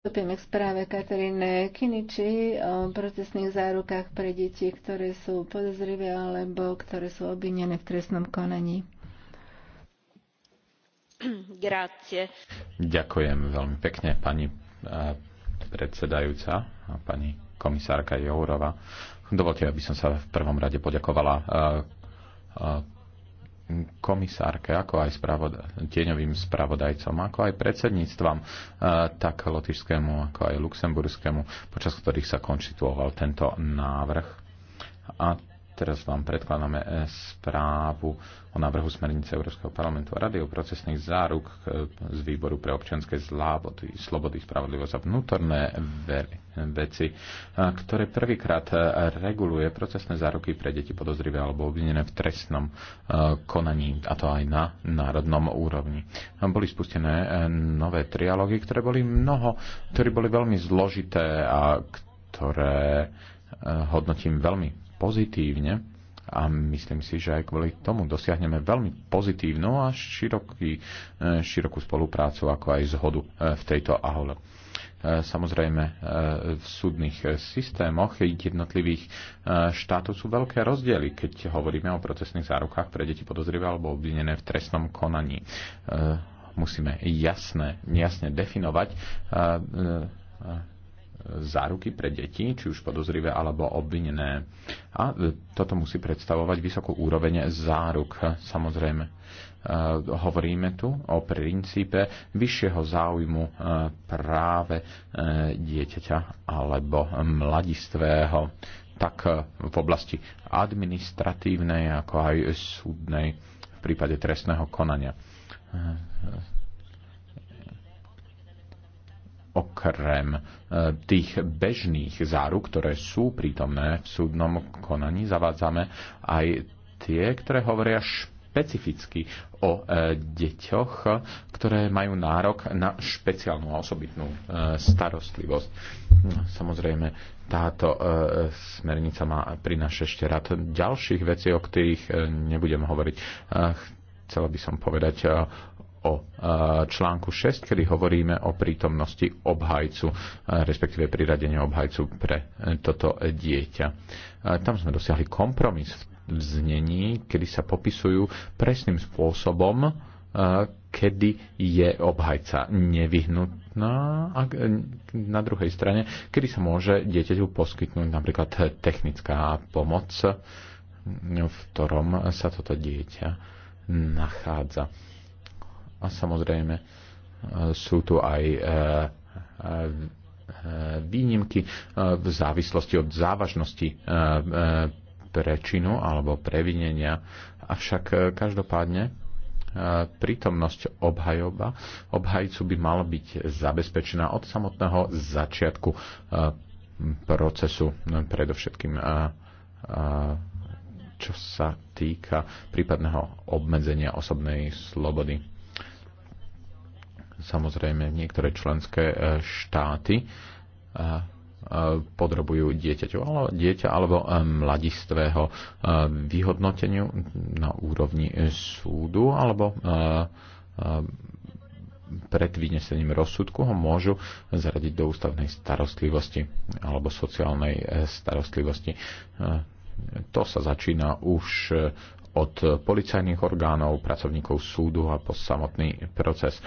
Vstúpime k správe Kataríne Kiniči o procesných zárukách pre deti, ktoré sú podozrivé alebo ktoré sú obvinené v trestnom konaní. Grazie. Ďakujem veľmi pekne pani eh, predsedajúca a pani komisárka Jourova. Dovolte, aby som sa v prvom rade poďakovala eh, eh, komisárke, ako aj spravodaj, tieňovým spravodajcom, ako aj predsedníctvam, e, tak lotišskému, ako aj luxemburskému, počas ktorých sa konštituoval tento návrh. A Teraz vám predkladáme eh, správu o návrhu smernice Európskeho parlamentu a Rady o procesných záruk eh, z výboru pre občianske zlávody, slobody, spravodlivosť a vnútorné veci, eh, ktoré prvýkrát reguluje procesné záruky pre deti podozrivé alebo obvinené v trestnom konaní, a to aj na národnom úrovni. Boli spustené nové trialógy, ktoré boli mnoho, ktoré boli veľmi zložité a ktoré hodnotím veľmi pozitívne a myslím si, že aj kvôli tomu dosiahneme veľmi pozitívnu a široký, e, širokú spoluprácu, ako aj zhodu e, v tejto ahole. E, samozrejme, v súdnych systémoch jednotlivých štátov sú veľké rozdiely, keď hovoríme o procesných zárukách pre deti podozrivé alebo obvinené v trestnom konaní. Musíme jasne, jasne definovať záruky pre deti, či už podozrivé alebo obvinené. A e, toto musí predstavovať vysokú úroveň záruk, samozrejme. E, hovoríme tu o princípe vyššieho záujmu e, práve dieťaťa alebo mladistvého tak v oblasti administratívnej, ako aj súdnej v prípade trestného konania. Okrem tých bežných záruk, ktoré sú prítomné v súdnom konaní, zavádzame aj tie, ktoré hovoria špecificky o e, deťoch, ktoré majú nárok na špeciálnu a osobitnú e, starostlivosť. No, samozrejme, táto e, smernica má prináša ešte rad ďalších vecí, o ktorých nebudem hovoriť. chcela by som povedať o článku 6, kedy hovoríme o prítomnosti obhajcu, respektíve priradenie obhajcu pre e, toto dieťa. Tam sme dosiahli kompromis v znení, kedy sa popisujú presným spôsobom, kedy je obhajca nevyhnutná a na druhej strane, kedy sa môže dieťaťu poskytnúť napríklad technická pomoc, v ktorom sa toto dieťa nachádza a samozrejme e, sú tu aj e, e, výnimky v závislosti od závažnosti prečinu alebo previnenia. Avšak každopádne prítomnosť obhajoba, obhajcu by mala byť zabezpečená od samotného začiatku procesu, predovšetkým čo sa týka prípadného obmedzenia osobnej slobody Samozrejme, niektoré členské e, štáty e, e, podrobujú dieťaťu, alebo dieťa alebo mladistvého vyhodnoteniu na úrovni súdu alebo pred vynesením rozsudku ho môžu zaradiť do ústavnej starostlivosti alebo sociálnej starostlivosti. To sa začína už od policajných orgánov, pracovníkov súdu a po samotný proces.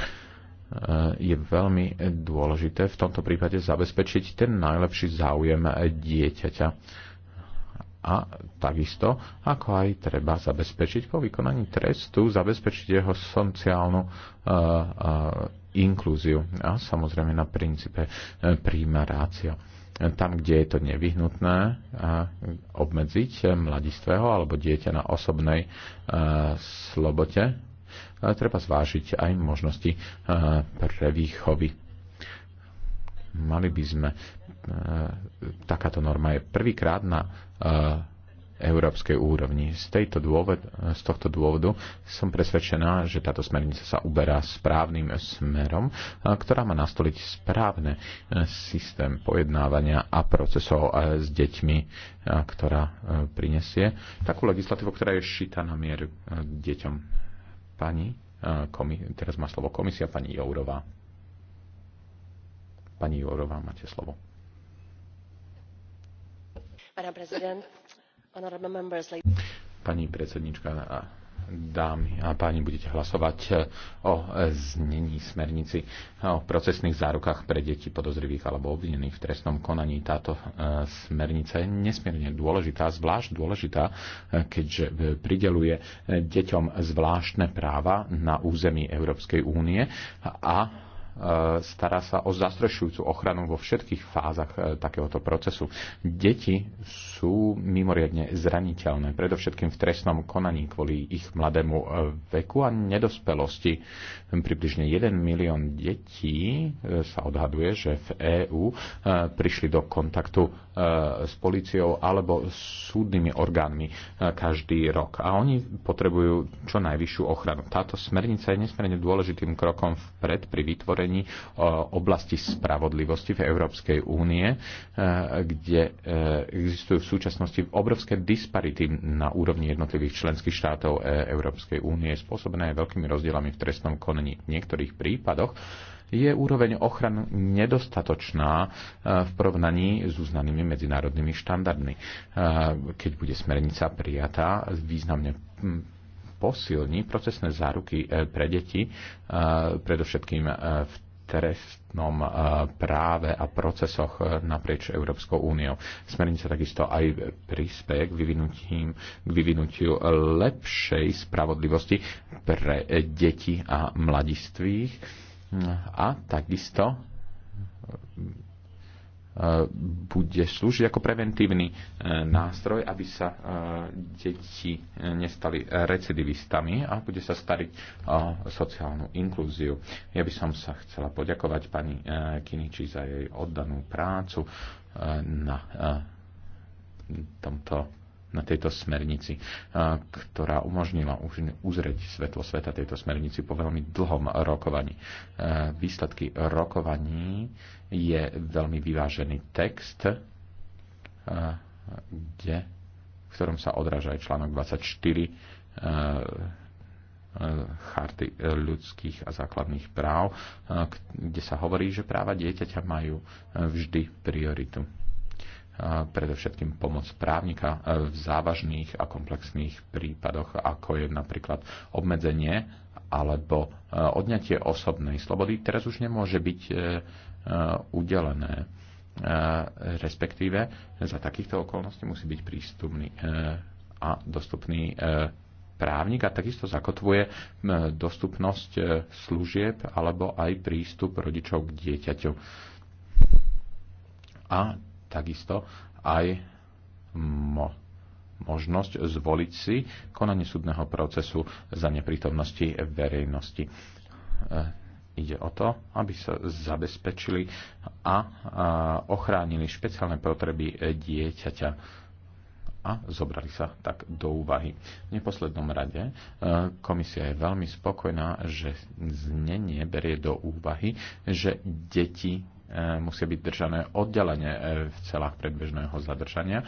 Eh, je veľmi dôležité v tomto prípade zabezpečiť ten najlepší záujem dieťaťa. A takisto, ako aj treba zabezpečiť po vykonaní trestu, zabezpečiť jeho sociálnu uh, uh, inklúziu. A samozrejme na princípe uh, príjma rácia. Tam, kde je to nevyhnutné, uh, obmedziť mladistvého alebo dieťa na osobnej uh, slobote, treba zvážiť aj možnosti pre výchovy. Mali by sme, takáto norma je prvýkrát na európskej úrovni. Z, tejto dôved, z tohto dôvodu som presvedčená, že táto smernica sa uberá správnym smerom, ktorá má nastoliť správne e, systém pojednávania a procesov e, s deťmi, e, ktorá prinesie takú legislatívu, ktorá je šita na mieru deťom. Pani, komi- teraz má slovo komisia, pani Jourová. Pani Jourová, máte slovo. Pani prezident, predsednička, dámy a páni, budete hlasovať e, o e, znení smernici e, o procesných zárukách pre deti podozrivých alebo obvinených v trestnom konaní. Táto smernica je nesmierne dôležitá, zvlášť dôležitá, keďže prideluje deťom zvláštne práva na území Európskej únie a E, stará sa o zastrešujúcu ochranu vo všetkých fázach e, takéhoto procesu. Deti sú mimoriadne zraniteľné, predovšetkým v trestnom konaní kvôli ich mladému e, veku a nedospelosti. Približne 1 milión detí sa odhaduje, že v EÚ prišli do kontaktu E, s policiou alebo s súdnymi orgánmi e, každý rok. A oni potrebujú čo najvyššiu ochranu. Táto smernica je nesmierne dôležitým krokom vpred pri vytvorení e, oblasti spravodlivosti v Európskej únie, kde existujú v súčasnosti obrovské disparity na úrovni jednotlivých členských štátov Európskej únie, spôsobené veľkými rozdielami v trestnom konaní. V niektorých prípadoch je úroveň ochran nedostatočná e, v porovnaní s uznanými medzinárodnými štandardmi. E, keď bude smernica prijatá, významne posilní procesné záruky e, pre deti, predovšetkým v trestnom práve a procesoch naprieč Európskou úniou. Smernica takisto aj prispieje k, k vyvinutiu lepšej spravodlivosti pre deti a mladistvých a takisto e, bude slúžiť ako preventívny e, nástroj, aby sa e, deti nestali recidivistami a bude sa stariť o sociálnu inklúziu. Ja by som sa chcela poďakovať pani Kiniči za jej oddanú prácu na tomto na tejto smernici, ktorá umožnila už uzrieť svetlo sveta tejto smernici po veľmi dlhom rokovaní. Výsledky rokovaní je veľmi vyvážený text, kde, v ktorom sa odráža aj článok 24 charty ľudských a základných práv, kde sa hovorí, že práva dieťaťa majú vždy prioritu predovšetkým pomoc právnika e, v závažných a komplexných prípadoch, ako je napríklad obmedzenie alebo e, odňatie osobnej slobody, teraz už nemôže byť e, udelené. Respektíve za takýchto okolností musí byť prístupný a dostupný právnik a takisto zakotvuje dostupnosť služieb alebo aj prístup rodičov k dieťaťu. A takisto aj mo- možnosť zvoliť si konanie súdneho procesu za neprítomnosti verejnosti. E, ide o to, aby sa zabezpečili a ochránili špeciálne potreby e, dieťaťa a zobrali sa tak do úvahy. V neposlednom rade e, komisia je veľmi spokojná, že znenie berie do úvahy, že deti E, musia byť držané oddelenie e, v celách predbežného zadržania,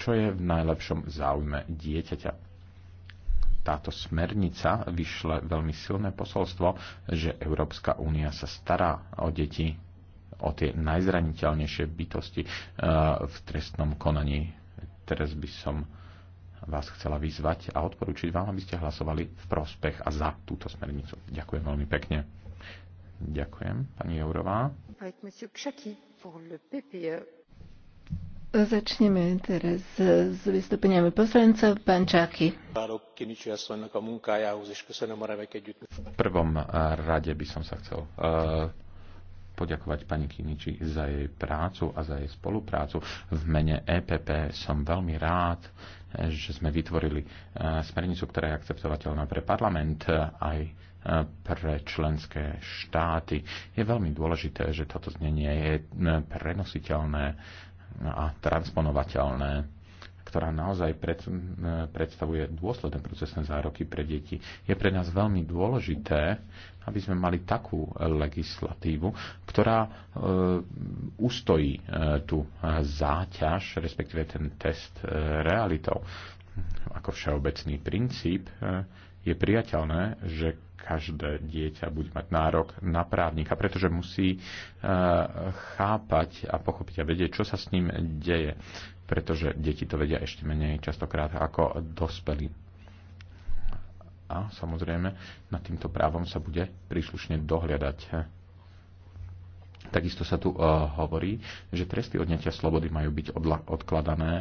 čo je v najlepšom záujme dieťaťa táto smernica vyšle veľmi silné posolstvo, že Európska únia sa stará o deti, o tie najzraniteľnejšie bytosti e, v trestnom konaní. Teraz by som vás chcela vyzvať a odporúčiť vám, aby ste hlasovali v prospech a za túto smernicu. Ďakujem veľmi pekne. Ďakujem, pani Jourová. E. Začneme teraz s vystúpeniami poslanca. Pán Čaky. V prvom eh, rade by som sa chcel eh, poďakovať pani Kiniči za jej prácu a za jej spoluprácu. V mene EPP som veľmi rád, eh, že sme vytvorili smernicu, ktorá je akceptovateľná pre parlament aj pre členské štáty. Je veľmi dôležité, že toto znenie je prenositeľné a transponovateľné ktorá naozaj pred, predstavuje dôsledné procesné zároky pre deti. Je pre nás veľmi dôležité, aby sme mali takú legislatívu, ktorá e, ustojí e, tú záťaž, respektíve ten test e, realitou. Ako všeobecný princíp e, je priateľné, že každé dieťa bude mať nárok na právnika, pretože musí eh, chápať a pochopiť a vedieť, čo sa s ním deje, pretože deti to vedia ešte menej častokrát ako dospelí. A samozrejme, nad týmto právom sa bude príslušne dohľadať. Takisto sa tu uh, hovorí, že tresty odňatia slobody majú byť odkladané,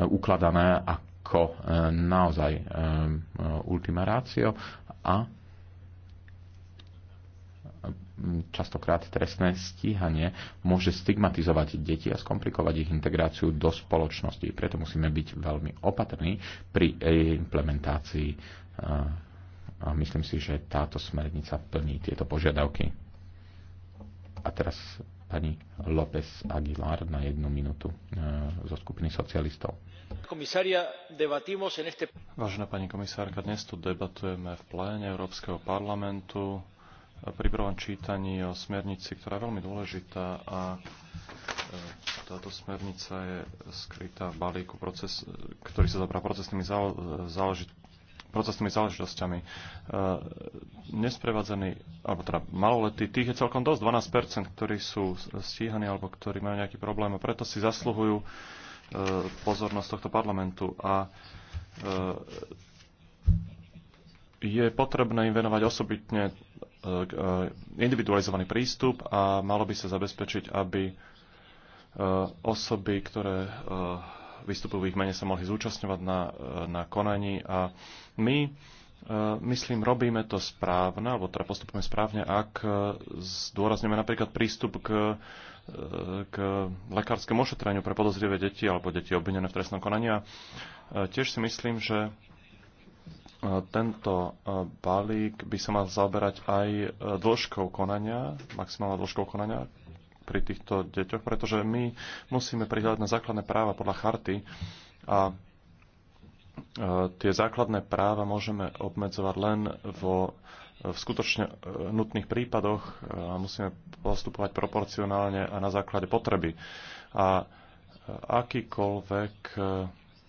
uh, ukladané ako uh, naozaj uh, ultima ratio a častokrát trestné stíhanie môže stigmatizovať deti a skomplikovať ich integráciu do spoločnosti. Preto musíme byť veľmi opatrní pri jej implementácii eh, a myslím si, že táto smernica plní tieto požiadavky. A teraz pani López Aguilar na jednu minútu eh, zo skupiny socialistov. Vážená pani komisárka, dnes tu debatujeme v pléne Európskeho parlamentu pri prvom čítaní o smernici, ktorá je veľmi dôležitá a e, táto smernica je skrytá v balíku, proces, ktorý sa zabrá procesnými, zále, záležit, procesnými záležitosťami. E, Nesprevádzaní, alebo teda maloletí, tých je celkom dosť, 12%, ktorí sú stíhaní alebo ktorí majú nejaký problém a preto si zasluhujú e, pozornosť tohto parlamentu a je potrebné im venovať osobitne E, individualizovaný prístup a malo by sa zabezpečiť, aby e, osoby, ktoré e, vystupujú v ich mene, sa mohli zúčastňovať na, na konaní. A my, myslím, robíme to správne, alebo teda postupujeme správne, ak zdôrazneme napríklad prístup k, k lekárskému ošetreniu pre podozrivé deti alebo deti obvinené v trestnom konaní. A tiež si myslím, že E, tento e, balík by sa mal zaoberať aj e, dĺžkou konania, maximálnou dĺžkou konania pri týchto deťoch, pretože my musíme prihľadať na základné práva podľa charty a tie základné práva môžeme obmedzovať len vo v skutočne nutných prípadoch a musíme postupovať proporcionálne a na základe potreby. A akýkoľvek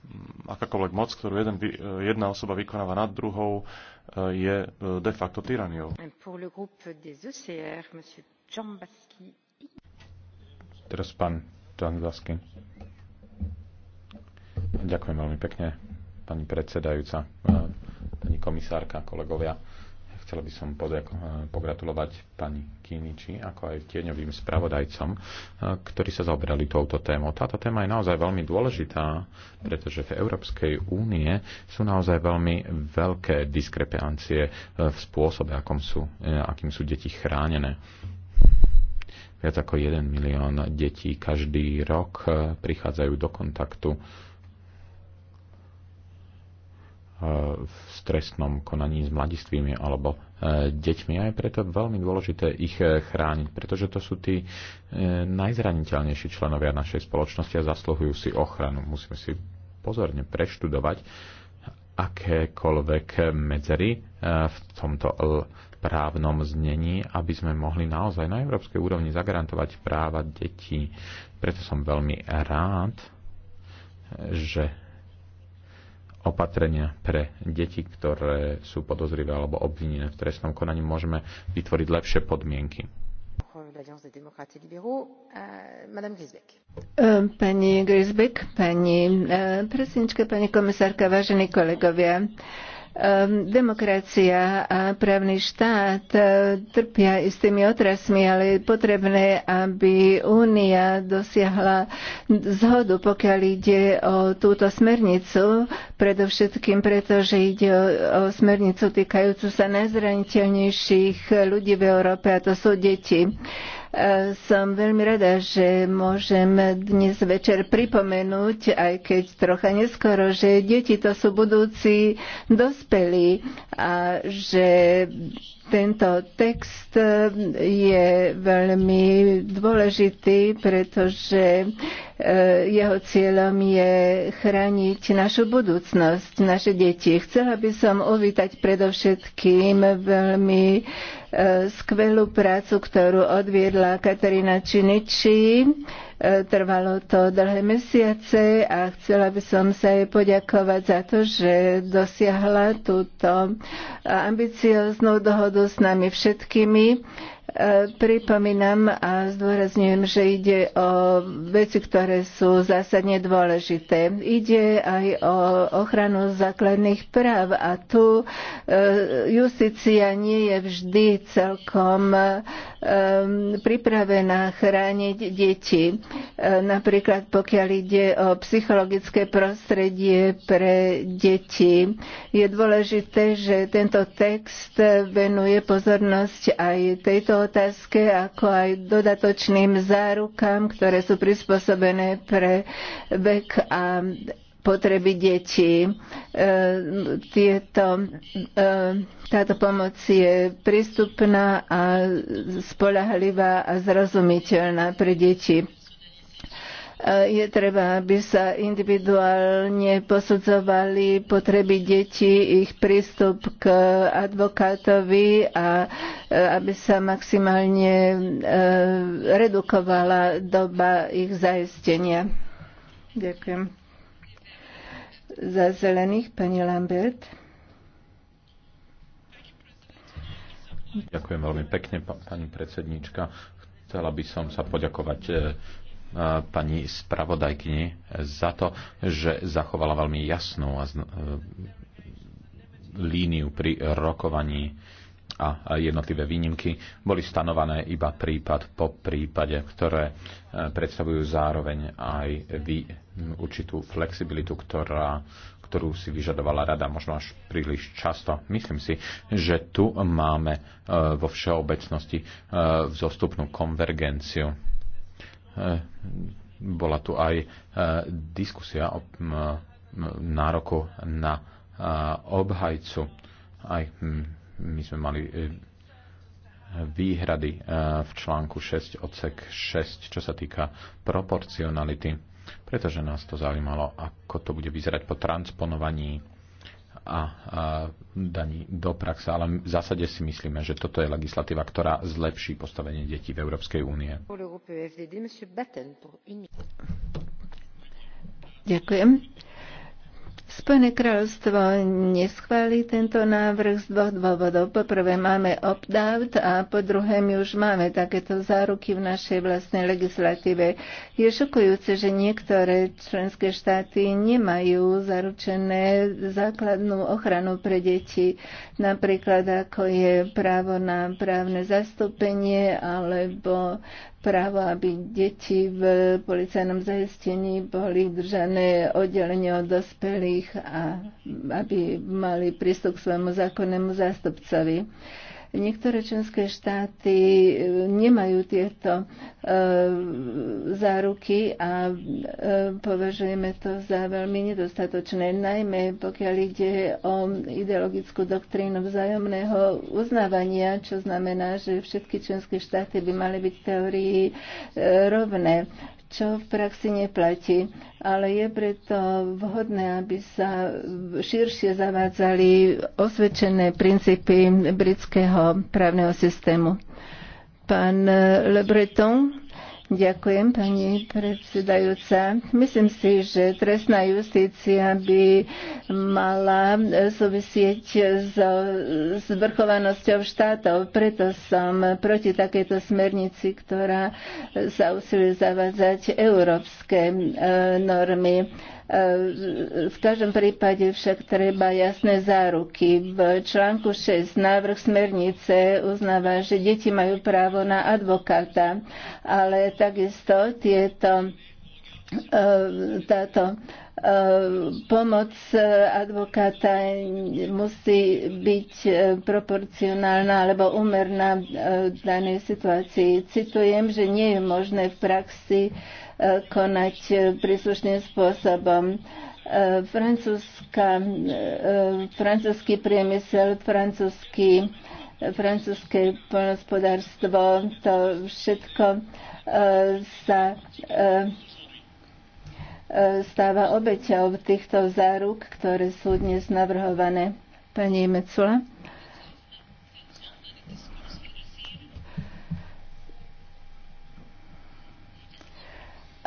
Mm, akákoľvek moc, ktorú jeden, e, jedna osoba vykonáva nad druhou, e, je e, de facto tyraniou. Teraz pán John Džambasky. Ďakujem veľmi pekne, pani predsedajúca, pani komisárka, kolegovia. Chcela by som pogratulovať pani Kiniči, ako aj tieňovým spravodajcom, eh, ktorí sa zaoberali touto témou. Táto téma je naozaj veľmi dôležitá, pretože v Európskej únie sú naozaj veľmi veľké diskrepancie eh, v spôsobe, akom sú, eh, akým sú deti chránené. Viac ako 1 milión detí každý rok prichádzajú do kontaktu Eh, v stresnom konaní s mladistvými alebo eh, deťmi. A je preto veľmi dôležité ich eh, chrániť, pretože to sú tí najzraniteľnejší členovia našej spoločnosti a zasluhujú si ochranu. Musíme si pozorne preštudovať akékoľvek medzery v tomto právnom znení, aby sme mohli naozaj na európskej úrovni zagarantovať práva detí. Preto som veľmi rád, že opatrenia pre deti, ktoré sú podozrivé alebo obvinené v trestnom konaní, môžeme vytvoriť lepšie podmienky. Hm, pani Grisbeck, pani eh, predsednička, pani komisárka, vážení kolegovia. Ehm, demokracia a právny štát e, trpia istými otrasmi, ale je potrebné, aby Únia dosiahla zhodu, pokiaľ ide o túto smernicu, predovšetkým preto, že ide o, o smernicu týkajúcu sa najzraniteľnejších ľudí v Európe, a to sú deti. Som veľmi rada, že môžem dnes večer pripomenúť, aj keď trocha neskoro, že deti to sú budúci dospelí a že tento text je veľmi dôležitý, pretože Eh, jeho cieľom je chrániť našu budúcnosť, naše deti. Chcela by som uvítať predovšetkým veľmi eh, skvelú prácu, ktorú odviedla Katarína Činiči E, trvalo to dlhé mesiace a chcela by som sa jej poďakovať za to, že dosiahla túto ambicioznú dohodu s nami všetkými. E, pripomínam a zdôrazňujem, že ide o veci, ktoré sú zásadne dôležité. Ide aj o ochranu základných práv a tu e, justícia nie je vždy celkom pripravená chrániť deti. E, napríklad pokiaľ ide o psychologické prostredie pre deti. Je dôležité, že tento text venuje pozornosť aj tejto otázke, ako aj dodatočným zárukám, ktoré sú prispôsobené pre vek a potreby detí. E, tieto, e, táto pomoc je prístupná a spolahlivá a zrozumiteľná pre deti. Eh, je treba, aby sa individuálne posudzovali potreby detí, ich prístup k advokátovi a eh, aby sa maximálne eh, redukovala doba ich zaistenia. Ďakujem. Za zelených pani Lambert. Ďakujem veľmi pekne, pani predsednička. Chcela by som sa poďakovať pani spravodajkyni za to, že zachovala veľmi jasnú e, líniu pri rokovaní a jednotlivé výnimky boli stanované iba prípad po prípade, ktoré e, predstavujú zároveň aj vy, určitú flexibilitu, ktorá, ktorú si vyžadovala rada možno až príliš často. Myslím si, že tu máme e, vo všeobecnosti vzostupnú konvergenciu Eh, bola tu aj eh, diskusia o nároku na eh, obhajcu. Aj hm, my sme mali výhrady v článku 6 odsek 6, čo sa týka proporcionality, pretože nás to zaujímalo, ako to bude vyzerať po transponovaní a, a daní do praxe, ale v zásade si myslíme, že toto je legislatíva, ktorá zlepší postavenie detí v Európskej únie. E Ďakujem. Spojené kráľovstvo neschváli tento návrh z dvoch dôvodov. Po prvé máme opt-out a po druhé my už máme takéto záruky v našej vlastnej legislatíve. Je šokujúce, že niektoré členské štáty nemajú zaručené základnú ochranu pre deti, napríklad ako je právo na právne zastúpenie alebo právo, aby deti v policajnom zaistení boli držané oddelenie od dospelých a aby mali prístup k svojmu zákonnému zástupcovi. Niektoré členské štáty e, nemajú tieto e, záruky a e, považujeme to za veľmi nedostatočné, najmä pokiaľ ide o ideologickú doktrínu vzájomného uznávania, čo znamená, že všetky členské štáty by mali byť v teórii rovné čo v praxi neplatí. Ale je preto vhodné, aby sa širšie zavádzali osvedčené princípy britského právneho systému. Pán Le Breton. Ďakujem, pani predsedajúca. Myslím si, že trestná justícia by mala súvisieť s zvrchovanosťou štátov. Preto som proti takejto smernici, ktorá sa usiluje zavádzať európske eh, normy v každom prípade však treba jasné záruky. V článku 6 návrh smernice uznáva, že deti majú právo na advokáta, ale takisto tieto e, táto e, pomoc advokáta musí byť e, proporcionálna alebo umerná v danej situácii. Citujem, že nie je možné v praxi konať príslušným spôsobom. Eh, Francúzska, eh, francúzsky priemysel, francúzsky eh, francúzske poľnospodárstvo, to všetko sa stáva obeťou týchto záruk, ktoré sú dnes navrhované. Pani Mecula.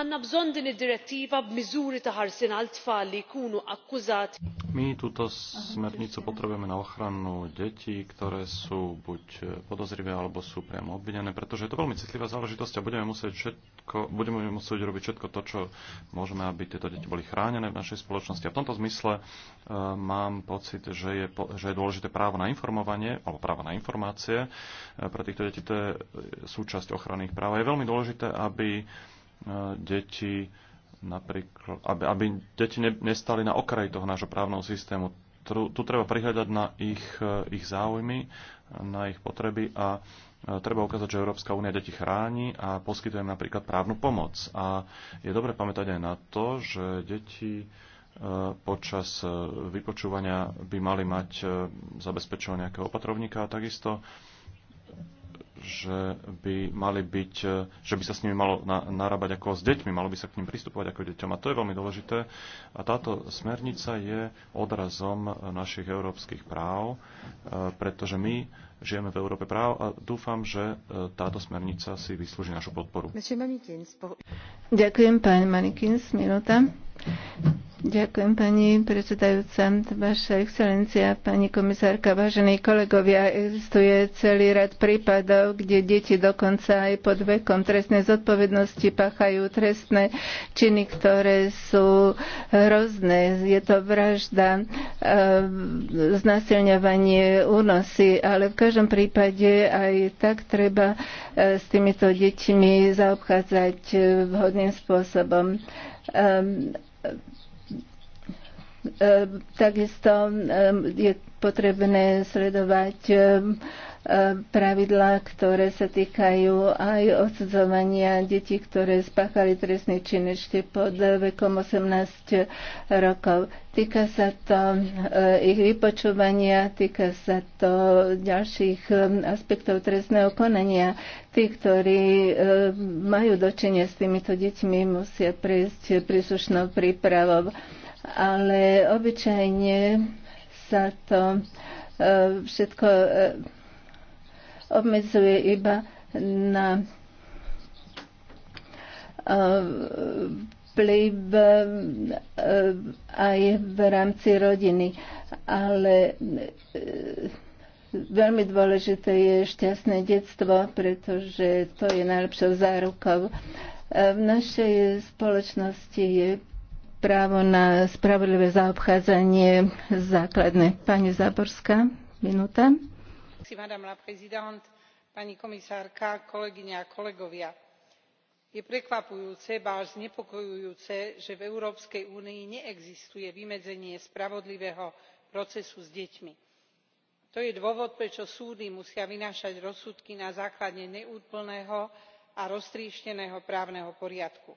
għandna bżonn din id-direttiva b'miżuri ta' ħarsien għal tfal li jkunu akkużati. My túto smernicu potrebujeme na ochranu detí, ktoré sú buď podozrivé alebo sú priamo obvinené, pretože je to veľmi citlivá záležitosť a budeme musieť všetko, budeme musieť robiť všetko to, čo môžeme, aby tieto deti boli chránené v našej spoločnosti. A v tomto zmysle e, mám pocit, že je, že je dôležité právo na informovanie alebo právo na informácie. E, pre týchto detí to je súčasť ochranných práv. Je veľmi dôležité, aby E, deti napríklad, aby, aby deti ne, nestali na okraji toho nášho právneho systému. Tu, tu treba prihľadať na ich, e, ich záujmy, na ich potreby a e, treba ukázať, že Európska únia deti chráni a poskytuje napríklad právnu pomoc. A je dobre pamätať aj na to, že deti počas vypočúvania by mali mať zabezpečovať nejakého opatrovníka a takisto že by mali byť, e, že by sa s nimi malo na, narábať ako s deťmi, malo by sa k ním pristupovať ako deťom. A to je veľmi dôležité. A táto smernica je odrazom e, našich európskych práv, e, pretože my žijeme v Európe práv a dúfam, že táto smernica si vyslúži našu podporu. Ďakujem, pán Manikins, minúta. Ďakujem, pani predsedajúca, vaša excelencia, pani komisárka, vážení kolegovia. Existuje celý rad prípadov, prípadov, kde deti dokonca aj pod vekom trestnej zodpovednosti páchajú trestné činy, ktoré sú hrozné. Je to vražda, e, znasilňovanie, únosy, ale v každom prípade aj tak treba e, s týmito deťmi zaobchádzať e, vhodným spôsobom. Ehm, takisto ehm, je potrebné sledovať ehm, pravidlá, ktoré sa týkajú aj odsudzovania detí, ktoré spáchali trestný čin ešte pod vekom 18 rokov. Týka sa to eh, ich vypočúvania, týka sa to ďalších eh, aspektov trestného konania. Tí, ktorí eh, majú dočenie s týmito deťmi, musia prejsť príslušnou prípravou. Ale obyčajne sa to všetko obmedzuje iba na e, vplyv e, aj v rámci rodiny. Ale e, veľmi dôležité je šťastné detstvo, pretože to je najlepšou zárukou. V našej spoločnosti je právo na spravodlivé zaobchádzanie základné. Pani Záborská, minúta je prekvapujúce ba až znepokojujúce že v európskej únii neexistuje vymedzenie spravodlivého procesu s deťmi. to je dôvod prečo súdy musia vynášať rozsudky na základe neúplného a roztriešteného právneho poriadku.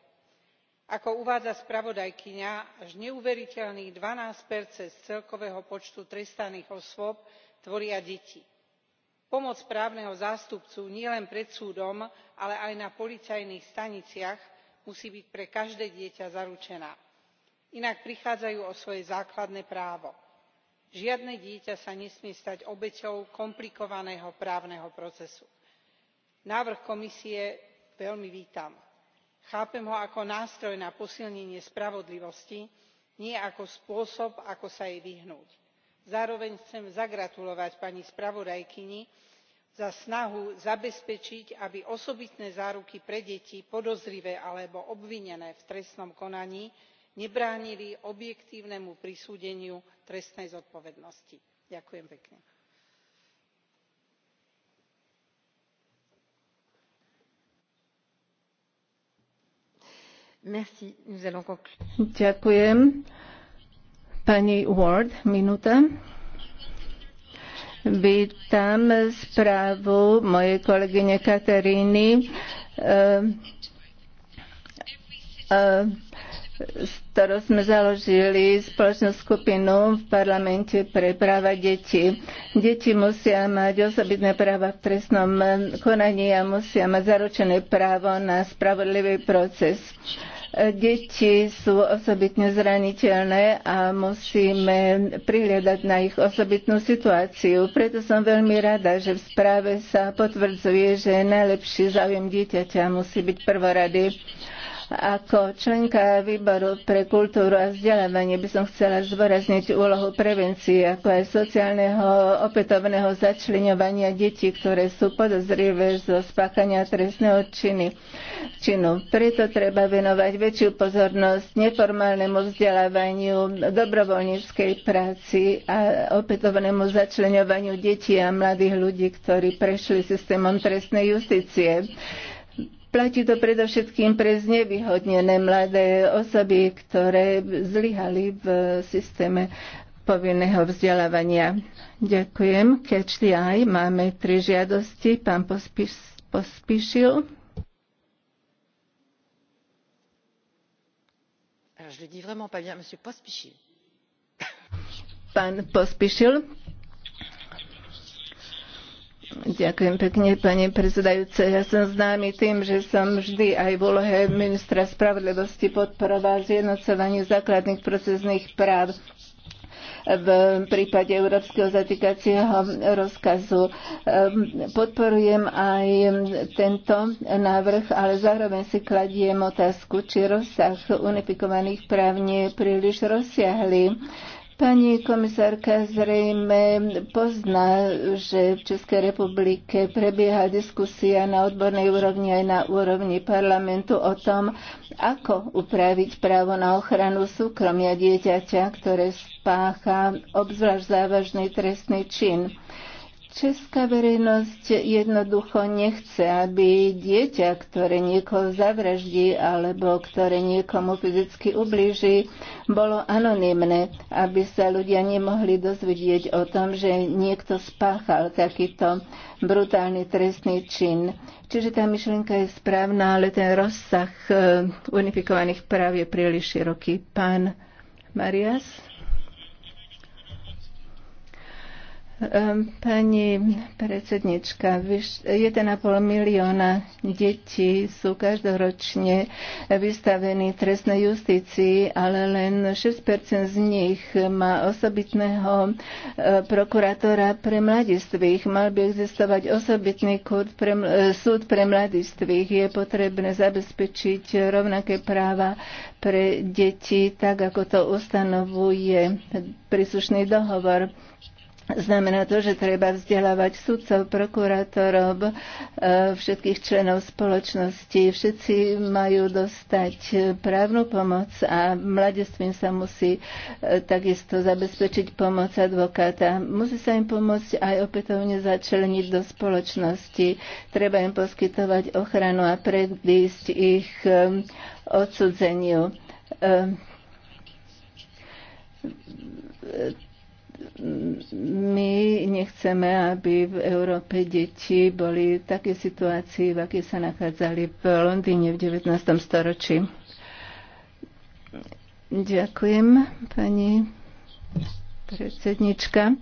ako uvádza spravodajkyňa až neuveriteľných twelve z celkového počtu trestaných osôb tvoria deti pomoc právneho zástupcu nielen pred súdom ale aj na policajných staniciach musí byť pre každé dieťa zaručená inak prichádzajú o svoje základné právo. žiadne dieťa sa nesmie stať obeťou komplikovaného právneho procesu. návrh komisie veľmi vítam. chápem ho ako nástroj na posilnenie spravodlivosti nie ako spôsob ako sa jej vyhnúť zároveň chcem zagratulovať pani spravodajkyni za snahu zabezpečiť aby osobitné záruky pre deti podozrivé alebo obvinené v trestnom konaní nebránili objektívnemu prisúdeniu trestnej zodpovednosti. ďakujem pekne. Pani Ward, minúta. Vítam správu mojej kolegyne Kateríny. z eh, eh, s ktorou sme založili spoločnú skupinu v parlamente pre práva detí. Deti musia mať osobitné práva v trestnom eh, konaní a musia mať zaručené právo na spravodlivý proces. Uh, Deti sú osobitne zraniteľné a musíme prihliadať na ich osobitnú situáciu. Preto som veľmi rada, že v správe sa potvrdzuje, že najlepší záujem dieťaťa musí byť prvorady. Ako členka výboru pre kultúru a vzdelávanie by som chcela zdôrazniť úlohu prevencie, ako aj sociálneho opätovného začleňovania detí, ktoré sú podozrivé zo spáchania trestného činy. činu. Preto treba venovať väčšiu pozornosť neformálnemu vzdelávaniu, dobrovoľníckej práci a opätovnému začleňovaniu detí a mladých ľudí, ktorí prešli systémom trestnej justície. Platí to predovšetkým pre znevýhodnené mladé osoby, ktoré zlyhali v systéme povinného vzdelávania. Ďakujem. Kečli aj, Máme tri žiadosti. Pán pospíš, pospíšil. Pán pospíšil, Ďakujem pekne, pani predsedajúce. Ja som známy tým, že som vždy aj v úlohe ministra spravodlivosti podporoval zjednocovanie základných procesných práv v prípade Európskeho zatýkacieho rozkazu. Ehm, podporujem aj tento návrh, ale zároveň si kladiem otázku, či rozsah unifikovaných práv nie je príliš rozsiahly Pani komisárka zrejme pozná, že v Českej republike prebieha diskusia na odbornej úrovni aj na úrovni parlamentu o tom, ako upraviť právo na ochranu súkromia dieťaťa, ktoré spácha obzvlášť závažný trestný čin. Česká verejnosť jednoducho nechce, aby dieťa, ktoré niekoho zavraždí alebo ktoré niekomu fyzicky ublíži, bolo anonymné, aby sa ľudia nemohli dozvedieť o tom, že niekto spáchal takýto brutálny trestný čin. Čiže tá myšlienka je správna, ale ten rozsah eh, unifikovaných práv je príliš široký. Pán Marias? Ehm, pani predsednička, 1,5 milióna detí sú každoročne vystavení trestnej justícii, ale len 6 z nich má osobitného e, prokurátora pre mladistvých. Mal by existovať osobitný pre, e, súd pre mladistvých. Je potrebné zabezpečiť rovnaké práva pre deti, tak ako to ustanovuje príslušný dohovor. Znamená to, že treba vzdelávať sudcov, prokurátorov, e, všetkých členov spoločnosti. Všetci majú dostať právnu pomoc a mladestvím sa musí e, takisto zabezpečiť pomoc advokáta. Musí sa im pomôcť aj opätovne začleniť do spoločnosti. Treba im poskytovať ochranu a predísť ich e, odsudzeniu my nechceme, aby v Európe deti boli v takej situácii, v akej sa nachádzali v Londýne v 19. storočí. Ďakujem, pani predsednička.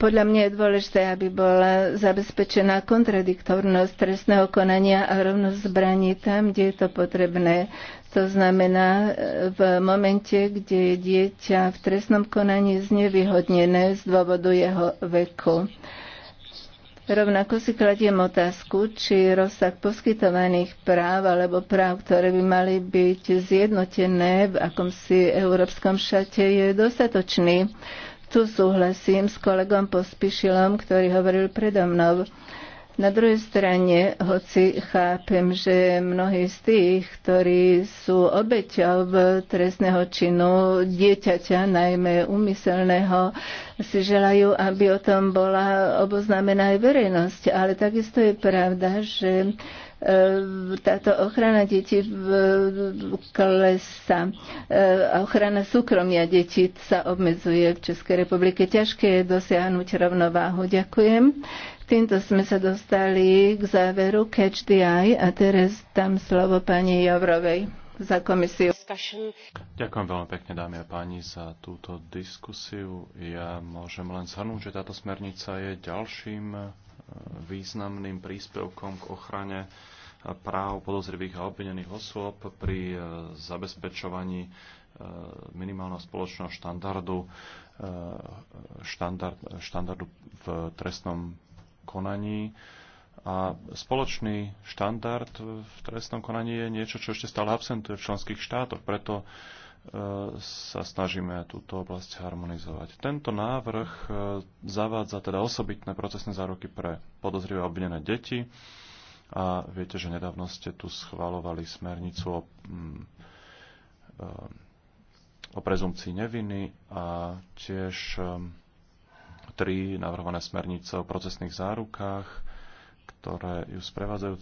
Podľa mňa je dôležité, aby bola zabezpečená kontradiktornosť trestného konania a rovnosť zbraní tam, kde je to potrebné. To znamená, e, v momente, kde je dieťa v trestnom konaní znevýhodnené z dôvodu jeho veku. Rovnako si kladiem otázku, či rozsah poskytovaných práv alebo práv, ktoré by mali byť zjednotené v akomsi európskom šate, je dostatočný. Tu súhlasím s kolegom Pospišilom, ktorý hovoril predo mnou. Na druhej strane, hoci chápem, že mnohí z tých, ktorí sú obeťou trestného činu dieťaťa, najmä umyselného, si želajú, aby o tom bola oboznámená aj verejnosť. Ale takisto je pravda, že e, táto ochrana detí klesa e, ochrana súkromia detí sa obmedzuje v Českej republike. Ťažké je dosiahnuť rovnováhu. Ďakujem. Týmto sme sa dostali k záveru Catch the Eye a teraz dám slovo pani Javrovej za komisiu. Ďakujem veľmi pekne, dámy a páni, za túto diskusiu. Ja môžem len zhrnúť, že táto smernica je ďalším e, významným príspevkom k ochrane práv podozrivých a obvinených osôb pri e, zabezpečovaní e, minimálneho spoločného štandardu, štandard, štandardu v trestnom konaní. A spoločný štandard v trestnom konaní je niečo, čo ešte stále absentuje v členských štátoch, preto e, sa snažíme túto oblasť harmonizovať. Tento návrh e, zavádza teda osobitné procesné záruky pre podozrivé obvinené deti a viete, že nedávno ste tu schvalovali smernicu o, mm, e, o prezumcii neviny a tiež 3, navrhované smernice o procesných zárukách, ktoré ju sprevádzajú.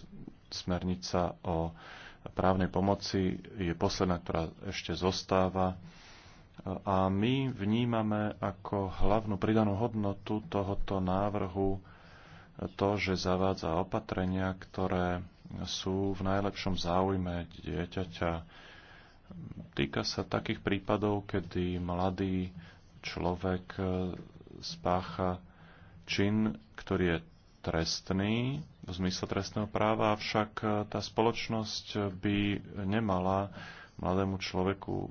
Smernica o právnej pomoci je posledná, ktorá ešte zostáva. A my vnímame ako hlavnú pridanú hodnotu tohoto návrhu to, že zavádza opatrenia, ktoré sú v najlepšom záujme dieťaťa. Týka sa takých prípadov, kedy mladý človek spácha čin, ktorý je trestný v zmysle trestného práva, avšak e, tá spoločnosť by nemala mladému človeku e,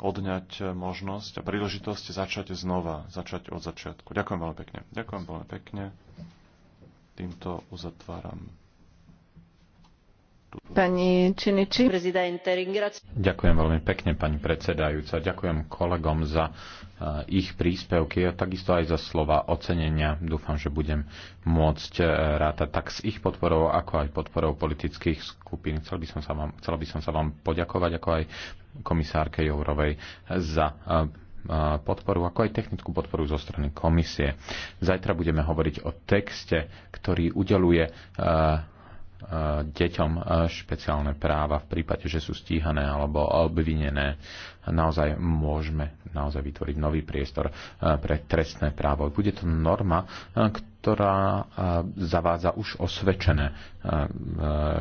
odňať možnosť a príležitosť začať znova, začať od začiatku. Ďakujem veľmi pekne. Ďakujem veľmi pekne. Týmto uzatváram Pani Činiči. Ďakujem veľmi pekne, pani predsedajúca. Ďakujem kolegom za e, ich príspevky a takisto aj za slova ocenenia. Dúfam, že budem môcť e, rátať tak s ich podporou, ako aj podporou politických skupín. Chcel by som sa vám, chcel by som sa vám poďakovať, ako aj komisárke Jourovej za e, podporu, ako aj technickú podporu zo strany komisie. Zajtra budeme hovoriť o texte, ktorý udeluje deťom špeciálne práva v prípade, že sú stíhané alebo obvinené. Naozaj môžeme naozaj vytvoriť nový priestor pre trestné právo. Bude to norma, ktorá ktorá e, zavádza už osvedčené e, e,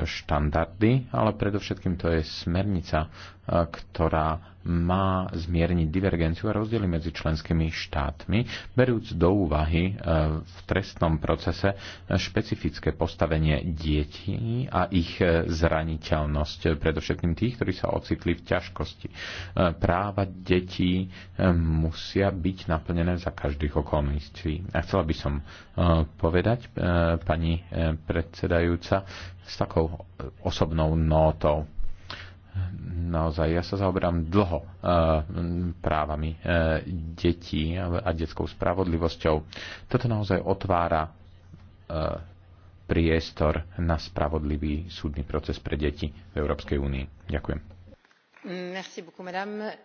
štandardy, ale predovšetkým to je smernica, ktorá má zmierniť divergenciu a rozdiely medzi členskými štátmi, berúc do úvahy v trestnom procese špecifické postavenie detí a ich zraniteľnosť, predovšetkým tých, ktorí sa ocitli v ťažkosti. Práva detí musia byť naplnené za každých okolností. A chcela by som povedať, e, pani e, predsedajúca, s takou osobnou nótou. Naozaj, ja sa zaoberám dlho e, právami detí a detskou spravodlivosťou. Toto naozaj otvára priestor na spravodlivý súdny proces pre deti v Európskej únii. Ďakujem. Merci beaucoup, madame.